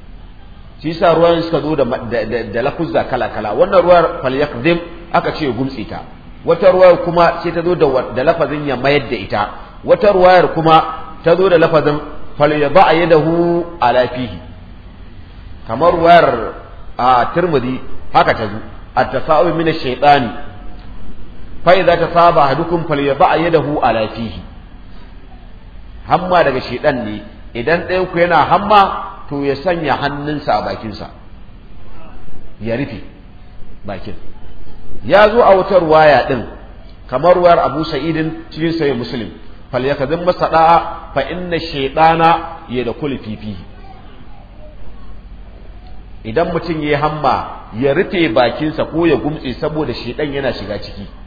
shi sa ruwan suka zo da da lafuzza kala kala wannan ruwar falyakzim aka ce gumtsi ta wata ruwar kuma sai ta zo da da lafazin ya mayar da ita wata ruwayar kuma ta zo da lafazin falyaba yadahu ala fihi kamar ruwayar a tirmidhi haka ta zo at-tasa'u min ash-shaytani fa idza tasaba ahadukum falyaba yadahu ala fihi hamma daga shaytan ne idan ɗayan ku yana hamma to ya sanya hannunsa a bakinsa ya rufe bakin ya zo a wutar waya din kamar wayar Abu Sa'idin cikin sai musulun fal masa ɗa'a fa ya da kuli fifi idan mutum ya yi hamma ya rufe bakinsa ko ya gumtse saboda shaidan yana shiga ciki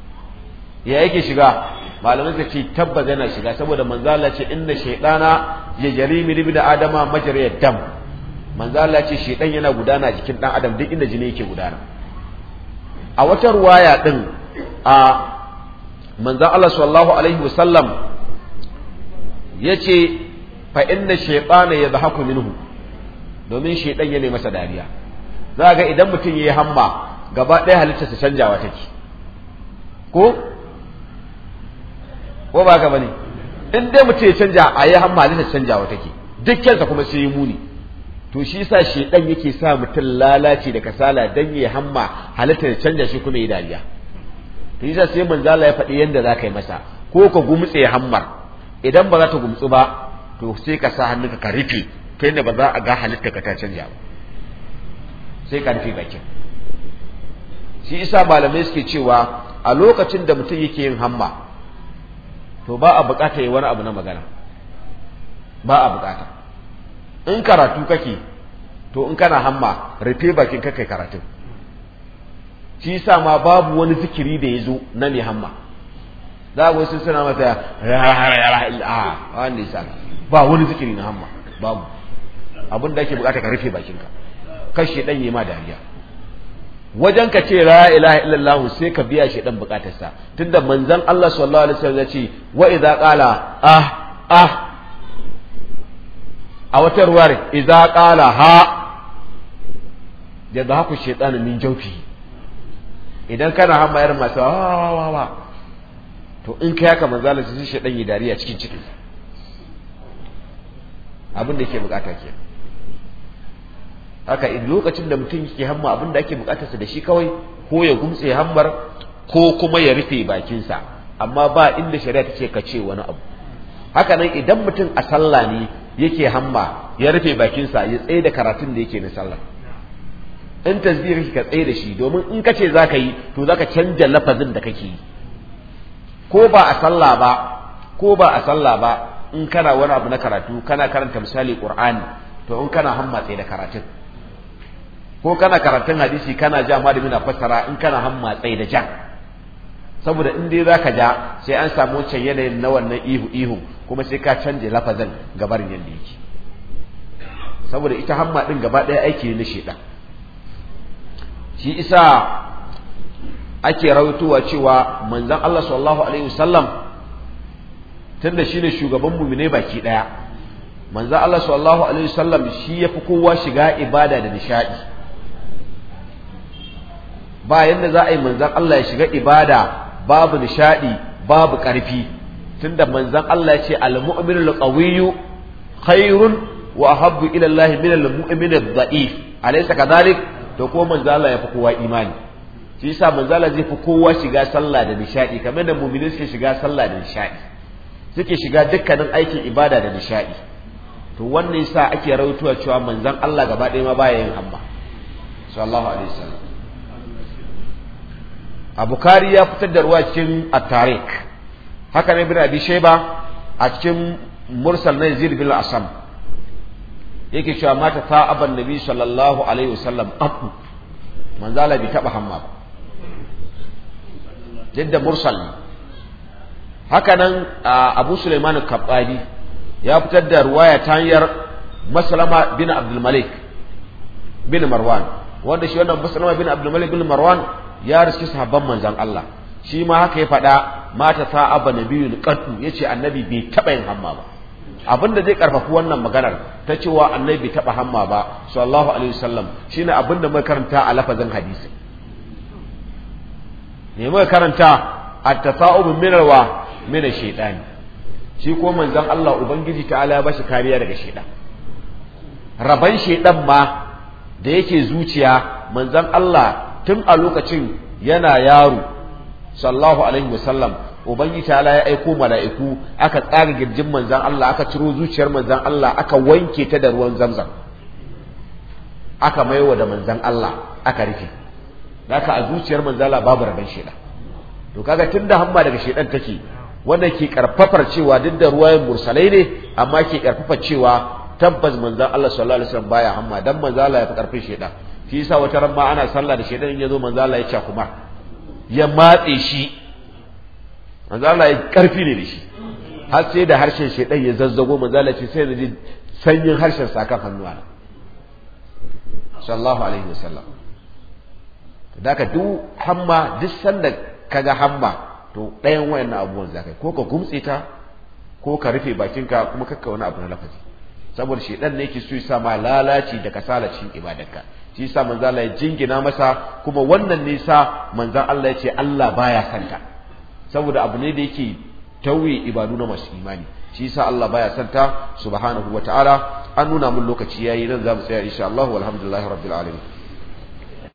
ya yake shiga malamai suka ce tabba yana shiga saboda manzala ce inna shaytana ya jari min ibn adama majriyad dam manzala ce shaytan yana gudana jikin dan adam duk inda jini yake gudana a wata ruwaya din a manzo Allah sallallahu alaihi wasallam yace fa inna shaytana yadhaku minhu domin shaytan yana masa dariya za ga idan mutum yayi hamma gaba ɗaya halittarsa canjawa take ko ko ba haka bane in dai mutum ya canja a yi hammalin canjawa take duk kyanta kuma sai yi muni to shi sa shi dan yake sa mutum lalace da kasala dan ya hamma halitta ya canja shi kuma yi dariya to shi yasa sai manzo Allah ya faɗi yanda za ka yi masa ko ka gumtse hammar idan ba za ta gumtsu ba to sai ka sa hannunka ka rufe ta yadda ba za a ga halitta ka ta canja ba sai ka rufe bakin shi isa malamai suke cewa a lokacin da mutum yake yin hamma to ba a bukata yi wani abu na magana ba a bukata in karatu kake to in kana hamma rufe bakin kakai karatun shi sa ma babu wani zikiri da ya zo na mai hamma za a wasu suna mata ah, wani sa ba wani zikiri na hamma babu abin da ake bukata ka rufe bakinka kashe dan yi ma dariya wajen ka ce la ilaha illallah sai ka biya shi dan bukatarsa tunda manzon Allah sallallahu alaihi wasallam ya ce wa idza qala ah ah a wata ruwar idza qala ha da haku shaytanu min jawfi idan kana hamayar masa wa wa wa to in kai haka manzon Allah sai shaytan yi dariya cikin cikin abin da yake bukata kenan haka in lokacin da mutum yake hamma abin da ake bukatarsa da shi kawai ko ya gumtse hammar ko kuma ya rufe bakinsa amma ba inda shari'a ta ce ka ce wani abu haka nan idan mutum a sallah ne yake hamma ya rufe bakinsa ya tsaye da karatun da yake na sallah in tasbihi ka tsaye da shi domin in ka ce za ka yi to za ka canja lafazin da kake yi ko ba a sallah ba ko ba a sallah ba in kana wani abu na karatu kana karanta misali qur'ani to in kana hamma tsaye da karatun ko kana karatun hadisi kana ja malami na fassara in kana hamma tsaye da ja. saboda in dai zaka ja sai an samu wancan yanayin na wannan ihu ihu kuma sai ka canje lafazin gabar yanda yake saboda ita hamma din gaba ɗaya aiki ne na shedan shi isa ake rawaitowa cewa manzon Allah sallallahu alaihi wasallam tunda shine shugaban mu'mine baki ɗaya manzan Allah sallallahu alaihi wasallam shi yafi kowa shiga ibada da nishadi ba yadda za a yi manzan Allah ya shiga ibada babu nishaɗi, babu ƙarfi, tunda manzan Allah ya ce al-mu'minu al-qawiyyu khairun wa ahabbu ila Allah min al-mu'min al-dha'if alaysa kadhalik to ko manzan Allah ya fi kowa imani shi yasa manzan Allah zai fi kowa shiga sallah da nishaɗi? kamar da mu'minin suke shiga sallah da nishadi suke shiga dukkanin aikin ibada da nishaɗi? to wannan yasa ake rawaitowa cewa manzan Allah gaba ɗaya ma baya yin hamma sallallahu alaihi wasallam abu kari ya fitar da ruwa cikin at-tariq haka ne bin abi sheba a cikin mursal na yazid bin asam yake cewa mata ta aban nabi sallallahu alaihi wasallam abu manzo Allah bai taba hamma ba yadda mursal haka nan abu suleiman kabbani ya fitar da ruwaya ta hanyar maslama bin abdul malik bin marwan wanda shi wannan maslama bin abdul malik bin marwan ya riski sahabban manzon Allah shi ma haka ya faɗa mata sa abba nabiyul qattu yace annabi bai taba yin hamma ba abinda zai karfafi wannan maganar ta cewa annabi bai taɓa hamma ba sallallahu alaihi wasallam shine abin da muka karanta a lafazin hadisi ne muka karanta at-tasa'ub min alwa min ash-shaytan shi ko manzon Allah ubangiji ta'ala ya bashi kariya daga shaytan raban shaytan ma da yake zuciya manzon Allah tun a lokacin yana yaro sallallahu alaihi wasallam ubangi ta'ala ya aiko mala'iku aka tsaga girjin manzan Allah aka ciro zuciyar manzan Allah aka wanke ta da ruwan zamzam aka maiwa da manzan Allah aka rufe haka a zuciyar Allah babu rabin sheda to kaga tunda hamma daga shedan take wanda ke karfafar cewa duk da ruwayen mursalai ne amma ke karfafa cewa tabbas manzan Allah sallallahu alaihi wasallam baya hamma dan Allah ya fi karfin shedan shi yasa wata ran ma ana sallah da shedan in yazo manzo Allah ya cakuma ya matse shi manzo Allah ya karfi ne da shi har sai da harshen shedan ya zazzago manzo Allah ce sai da ji sanyin harshen sa kan hannuwa sallallahu alaihi wasallam ka duk hamma duk sanda kaga hamma to ɗayan wayannan abubuwan zakai ko ka gumtse ta ko ka rufe bakinka kuma kakka wani abu na lafazi saboda shedan ne yake so ya sa ma lalaci da kasala cikin ibadarka shi yasa manzo Allah ya jingina masa kuma wannan nisa manzo Allah ya ce Allah baya santa saboda abu ne da yake tauye ibadu na masu imani shi yasa Allah baya santa subhanahu wataala an nuna mun lokaci yayi nan za mu tsaya insha Allah walhamdulillahi rabbil alamin